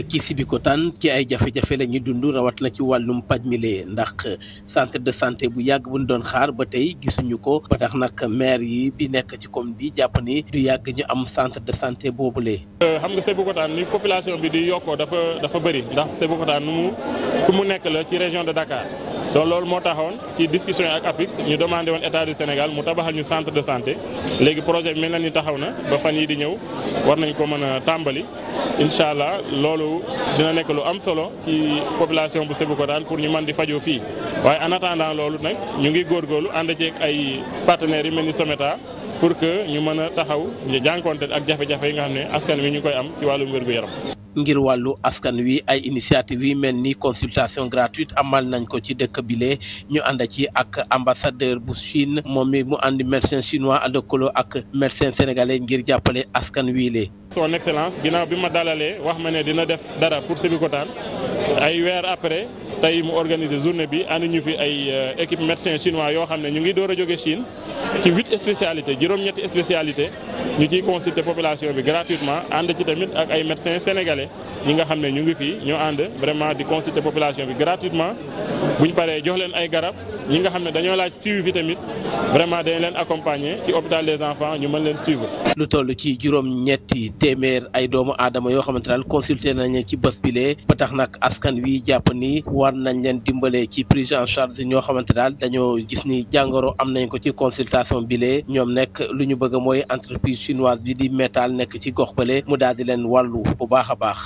ki Sébikotane ci ay jafe-jafe la ñuy dund rawat na ci wàllum paj mi lee ndax centre de santé bu yàgg buñ doon xaar ba tey gisuñu ko ba tax nag maire yi bi nekk ci commune bi jàpp ni du yàgg ñu am centre de santé boobule. Euh, xam nga Sébikotane ni population bi di yokkoo dafa dafa bëri ndax Sébikotane nu mu fu mu nekk la ci région de Dakar. donc lool moo taxoon ci discussion yi ak APIX ñu demandé woon état du Sénégal mu tabaxal ñu centre de santé léegi projet na war nañ ko mën a tàmbali incha allah loolu dina nekk lu am solo ci population bu ko Sébikotane pour ñu man di fajoo fii waaye en attendant loolu nag ñu ngi góorgóorlu ànd ceeg ay partenaires yu mel ni Someta pour que ñu mën a taxaw jànkonte ak jafe-jafe yi nga xam ne askan wi ñu koy am ci wàllu wér gu yaram ngir wàllu askan wi ay initiative yi mel ni consultation gratuite amal nañ ko ci dëkk bile ñu ànd ci ak ambassadeur bu Chine moom mi mu àndi médecin chinois lëkkaloo ak médecin sénégalais ngir jàppale askan wii lee son excellence ginnaaw bi ma dalalee wax ma ne dina def dara pour Sébikotane ay weer après tey mu organiser journée bi ànd ñu fi ay euh, équipe médecin chinois yoo xam ne ñu ngi door a jóge Chine ci huit spécialités juróom-ñetti spécialité ñu ciy consulter population bi gratuitement ànd ci tamit ak ay médecins sénégale ñi nga xam ne ñu ngi fii ñoo ànd vraiment di consulter population bi gratuitement buñ paree jox leen ay garab ñi nga xam ne dañoo laaj suivi tamit vraiment dañ leen accompagner ci hôpital des enfants ñu man leen suivre. lu toll ci juróom téeméer ay doomu aadama yoo xamante ne consulter nañu ci bés bile tax nag askan wi war nañ leen dimbalee ci prise en charge ñoo xamante daal dañoo gis ni jàngoro am nañ ko ci consultation bile ñoom nekk lu ñu bëgg mooy entreprise chinoise bi di métal nekk ci gox bale mu daal di leen wàllu bu baax a baax